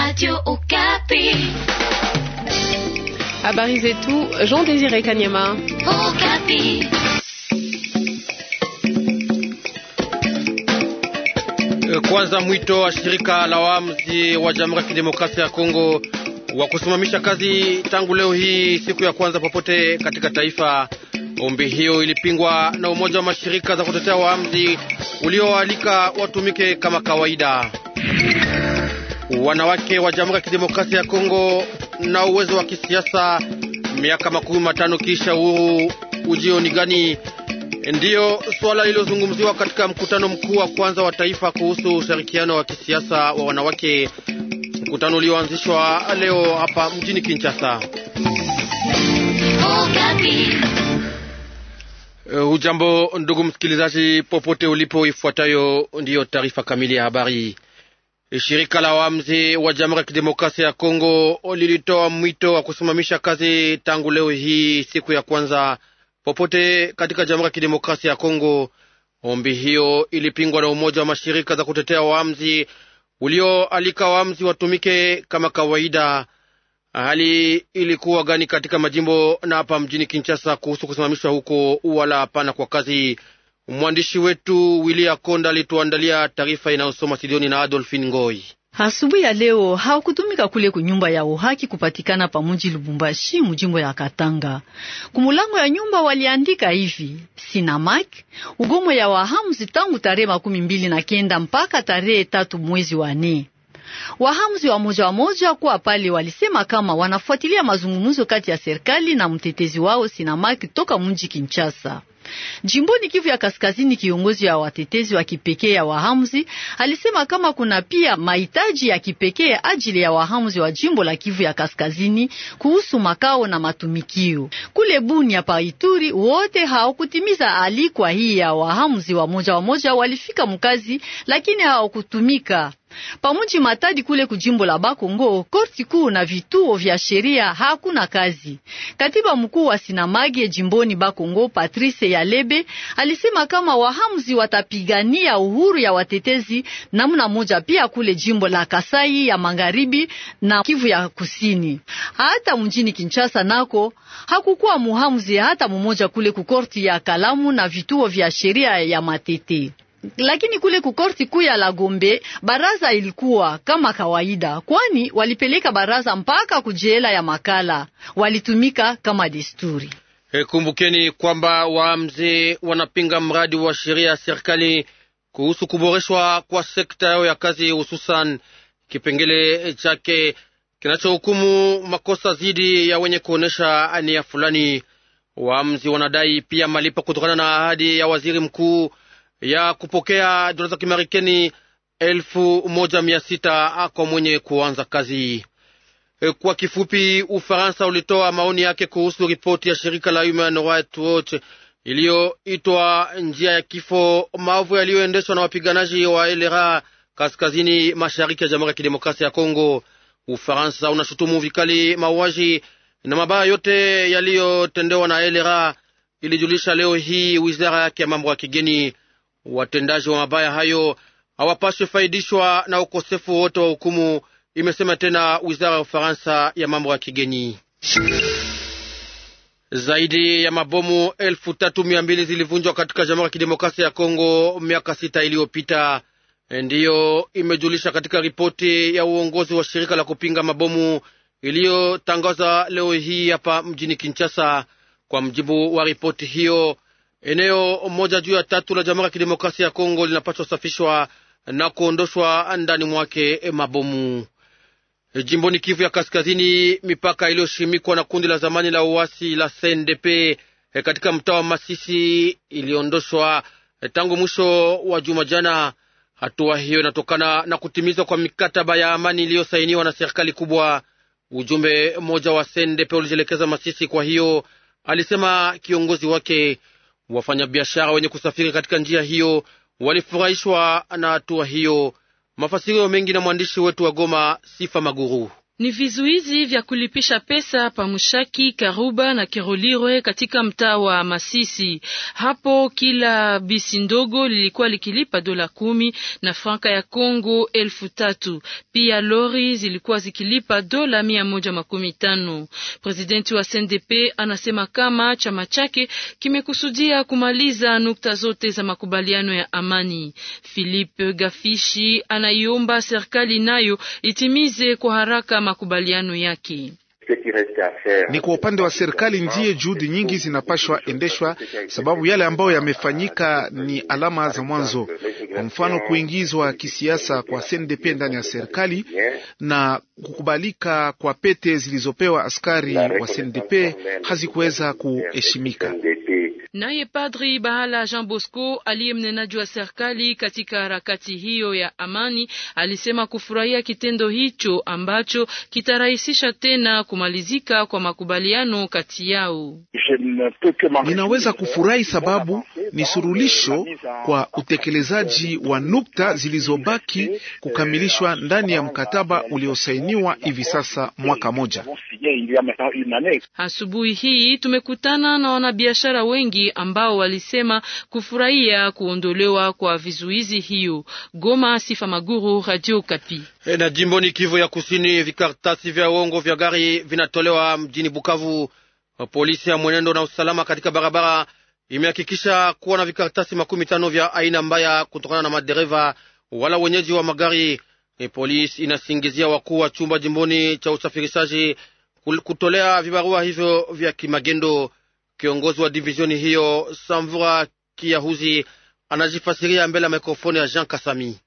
Radio Okapi. Habari zetu, Jean Désiré Kanyama. Okapi. Euh, kwanza mwito wa shirika la waamuzi wa Jamhuri ya Kidemokrasia ya Kongo wa kusimamisha kazi tangu leo hii siku ya kwanza popote katika taifa. Ombi hiyo ilipingwa na umoja wa mashirika za kutetea waamuzi ulioalika watumike kama kawaida wanawake wa Jamhuri ya Kidemokrasia ya Kongo na uwezo wa kisiasa miaka makumi matano kisha uhuru ujio ni gani? Ndiyo swala lilozungumziwa katika mkutano mkuu wa kwanza wa taifa kuhusu ushirikiano wa kisiasa wa wanawake, mkutano ulioanzishwa leo hapa mjini Kinshasa. Eh, hujambo ndugu msikilizaji, popote ulipo, ifuatayo ndiyo taarifa kamili ya habari. Shirika la waamzi wa Jamhuri ya Kidemokrasia ya Kongo lilitoa mwito wa kusimamisha kazi tangu leo hii siku ya kwanza popote katika Jamhuri ya Kidemokrasia ya Kongo. Ombi hiyo ilipingwa na umoja wa mashirika za kutetea waamzi ulioalika waamzi watumike kama kawaida. Hali ilikuwa gani katika majimbo na hapa mjini Kinshasa kuhusu kusimamishwa huko wala hapana kwa kazi? Mwandishi wetu Wilia Konda alituandalia taarifa inayosoma studioni na Adolfin Ngoi. Asubuhi ya leo hawakutumika kule kunyumba ya uhaki kupatikana pa Lubumbashi mujimbo ya Katanga. Kumulango ya nyumba waliandika hivi: Sinamak ugomo ya wahamuzi tangu tarehe makumi mbili na kenda mpaka tarehe tatu mwezi wa nne. wahamuzi wa moja wa moja kuwa pale walisema kama wanafuatilia mazungumzo kati ya serikali na mtetezi wao Sinamak toka mji Kinshasa. Jimboni Kivu ya Kaskazini, kiongozi wa watetezi wa kipekee ya wahamzi alisema kama kuna pia mahitaji ya kipekee ajili ya wahamzi wa jimbo la Kivu ya Kaskazini kuhusu makao na matumikio. Kule Bunia pa Ituri, wote hawakutimiza alikwa hii ya wahamzi, wa wamoja walifika mkazi, lakini hawakutumika. Pamuji Matadi kule kujimbo la Bakongo, korti kuu na vituo vya sheria hakuna kazi. Katiba mkuu wa Sinamage jimboni Bakongo, Patrice Yalebe alisema kama wahamzi watapigania uhuru ya watetezi namna moja, pia kule jimbo la Kasai ya Magharibi na Kivu ya Kusini. Hata mjini Kinshasa nako hakukuwa muhamzi hata mmoja kule kukorti ya Kalamu na vituo vya sheria ya Matete lakini kule kukorti kuu ya Lagombe baraza ilikuwa kama kawaida, kwani walipeleka baraza mpaka kujela ya makala, walitumika kama desturi. E, kumbukeni kwamba waamzi wanapinga mradi wa sheria ya serikali kuhusu kuboreshwa kwa sekta yao ya kazi, hususan kipengele chake kinachohukumu makosa dhidi ya wenye kuonesha ania fulani. Waamzi wanadai pia malipo kutokana na ahadi ya waziri mkuu ya kupokea dola za Kimarekani elfu moja mia sita kwa mwenye kuanza kazi. E, kwa kifupi, Ufaransa ulitoa maoni yake kuhusu ripoti ya shirika la Human Rights Watch iliyoitwa njia ya kifo, maovu yaliyoendeshwa na wapiganaji wa LRA kaskazini mashariki ya Jamhuri ya Kidemokrasia ya Kongo. Ufaransa unashutumu vikali mauaji na mabaya yote yaliyotendewa na LRA, ilijulisha leo hii wizara yake ya mambo ya kigeni. Watendaji wa mabaya hayo hawapaswi faidishwa na ukosefu wote wa hukumu, imesema tena wizara ya Ufaransa ya mambo ya kigeni. Zaidi ya mabomu elfu tatu mia mbili zilivunjwa katika Jamhuri ya Kidemokrasia ya Kongo miaka sita iliyopita, ndiyo imejulisha katika ripoti ya uongozi wa shirika la kupinga mabomu iliyotangaza leo hii hapa mjini Kinshasa. Kwa mjibu wa ripoti hiyo, Eneo moja juu ya tatu la Jamhuri ya Kidemokrasia ya Kongo linapaswa safishwa na kuondoshwa ndani mwake mabomu. Jimboni Kivu ya Kaskazini, mipaka iliyoshimikwa na kundi la zamani la uasi la CNDP eh, katika mtaa wa Masisi iliondoshwa eh, tangu mwisho wa juma jana. Hatua hiyo inatokana na kutimizwa kwa mikataba ya amani iliyosainiwa na serikali kubwa. Ujumbe mmoja wa CNDP ulijielekeza Masisi, kwa hiyo alisema kiongozi wake. Wafanyabiashara wenye kusafiri katika njia hiyo walifurahishwa na hatua hiyo. Mafasirio mengi na mwandishi wetu wa Goma, Sifa Maguru. Ni vizuizi vya kulipisha pesa pa Mushaki, Karuba na Kirolirwe katika mtaa wa Masisi. Hapo kila bisi ndogo lilikuwa likilipa dola kumi na franka ya Kongo elfu tatu. Pia lori zilikuwa zikilipa dola mia moja makumi tano. Presidenti wa CNDP anasema kama chama chake kimekusudia kumaliza nukta zote za makubaliano ya amani. Philippe Gafishi anaiomba serikali nayo itimize kwa haraka makubaliano yake. Ni kwa upande wa serikali ndiye juhudi nyingi zinapashwa endeshwa, sababu yale ambayo yamefanyika ni alama za mwanzo. Kwa mfano, kuingizwa kisiasa kwa CNDP ndani ya serikali na kukubalika kwa pete zilizopewa askari wa CNDP hazikuweza kuheshimika. Naye Padri Bahala Jean Bosco aliye mnenaji wa serikali katika harakati hiyo ya amani alisema kufurahia kitendo hicho ambacho kitarahisisha tena kumalizika kwa makubaliano kati yao. Ninaweza kufurahi sababu ni surulisho kwa utekelezaji wa nukta zilizobaki kukamilishwa ndani ya mkataba uliosainiwa hivi sasa mwaka moja. Asubuhi hii tumekutana na wanabiashara wengi wengi ambao walisema kufurahia kuondolewa kwa vizuizi hiyo. Goma, Sifa Maguru, Radio Kapi. Eh, na jimboni Kivu ya Kusini, vikartasi vya uongo vya gari vinatolewa mjini Bukavu. Eh, polisi ya mwenendo na usalama katika barabara imehakikisha kuwa na vikaratasi makumi tano vya aina mbaya kutokana na madereva wala wenyeji wa magari. E, polisi inasingizia wakuu wa chumba jimboni cha usafirishaji kutolea vibarua hivyo vya kimagendo. Kiongozi wa divizioni hiyo Samvura Kiyahuzi anajifasiria mbele ya mikrofoni ya Jean Kasami.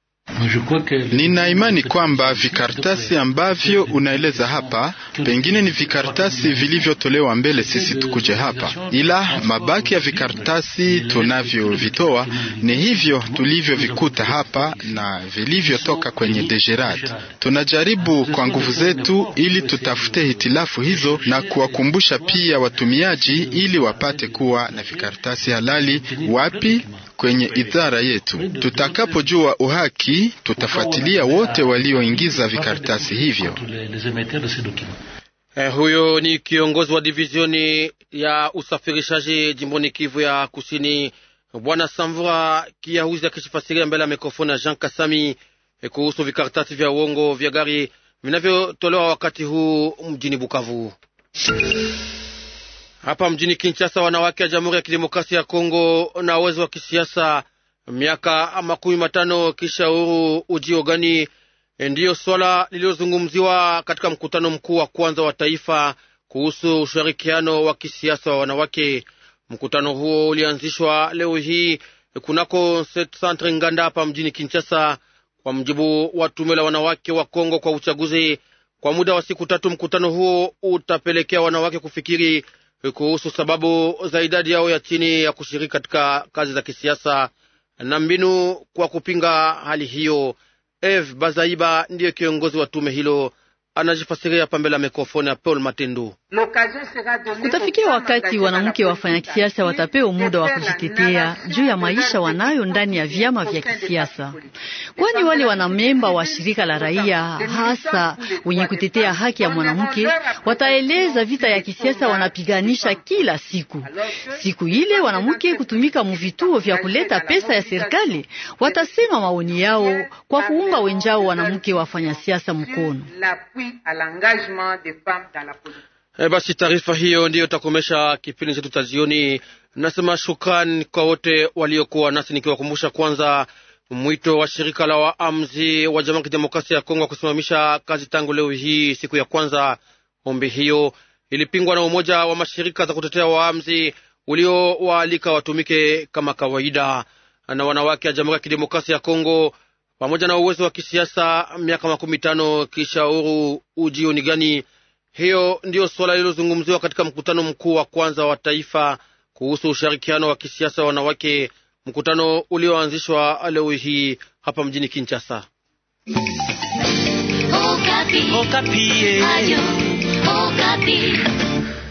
Nina imani kwamba vikaratasi ambavyo unaeleza hapa pengine ni vikaratasi vilivyotolewa mbele sisi tukuje hapa, ila mabaki ya vikaratasi tunavyovitoa ni hivyo tulivyovikuta hapa na vilivyotoka kwenye dejerati. Tunajaribu kwa nguvu zetu ili tutafute hitilafu hizo na kuwakumbusha pia watumiaji ili wapate kuwa na vikaratasi halali wapi kwenye idhara yetu. Tutakapojua uhaki, tutafuatilia wote walioingiza vikaratasi hivyo. Eh, huyo ni kiongozi wa divizioni ya usafirishaji jimboni Kivu ya Kusini, Bwana Samvura Kiyahuzi akishifasiria mbele ya mikrofoni ya Jean Kasami eh, kuhusu vikaratasi vya uongo vya gari vinavyotolewa wakati huu mjini Bukavu. Hapa mjini Kinshasa, wanawake wa Jamhuri ya Kidemokrasia ya Kongo na uwezo wa kisiasa, miaka makumi matano kisha uhuru ujio gani, e, ndiyo swala lililozungumziwa katika mkutano mkuu wa kwanza wa taifa kuhusu ushirikiano wa kisiasa wa wanawake. Mkutano huo ulianzishwa leo hii kunako Centre Nganda hapa mjini Kinshasa, kwa mjibu wa tume la wanawake wa Kongo kwa uchaguzi. Kwa muda wa siku tatu, mkutano huo utapelekea wanawake kufikiri kuhusu sababu za idadi yao ya chini ya kushiriki katika kazi za kisiasa na mbinu kwa kupinga hali hiyo. Eve Bazaiba ndiyo kiongozi wa tume hilo anajifasiria pambela mikrofoni ya Paul Matindu. Kutafikia wakati wanamke wafanya kisiasa watapewa muda wa kujitetea juu ya maisha wanayo ndani ya vyama vya kisiasa, kwani wale wanamemba wa shirika la raia, hasa wenye kutetea haki ya mwanamke, wataeleza vita ya kisiasa wanapiganisha kila siku. Siku ile wanamke kutumika muvituo vya kuleta pesa ya serikali, watasema maoni yao kwa kuunga wenjao wanamke wafanya siasa mkono appui à l'engagement des femmes dans la politique. Eh, basi taarifa hiyo ndiyo itakomesha kipindi chetu cha jioni. Nasema shukrani kwa wote waliokuwa nasi, nikiwakumbusha kwanza mwito wa shirika la waamzi wa Jamhuri ya Kidemokrasia ya Kongo kusimamisha kazi tangu leo hii siku ya kwanza. Ombi hiyo ilipingwa na umoja wa mashirika za kutetea waamzi uliowaalika watumike kama kawaida, na wanawake ya Jamhuri ya Kidemokrasia ya Kongo pamoja na uwezo wa kisiasa miaka makumi tano kisha uhuru ujio ni gani? Hiyo ndiyo suala lililozungumziwa katika mkutano mkuu wa kwanza wa taifa kuhusu ushirikiano wa kisiasa wa wanawake, mkutano ulioanzishwa leo hii hapa mjini Kinshasa. Okapi. Okapi.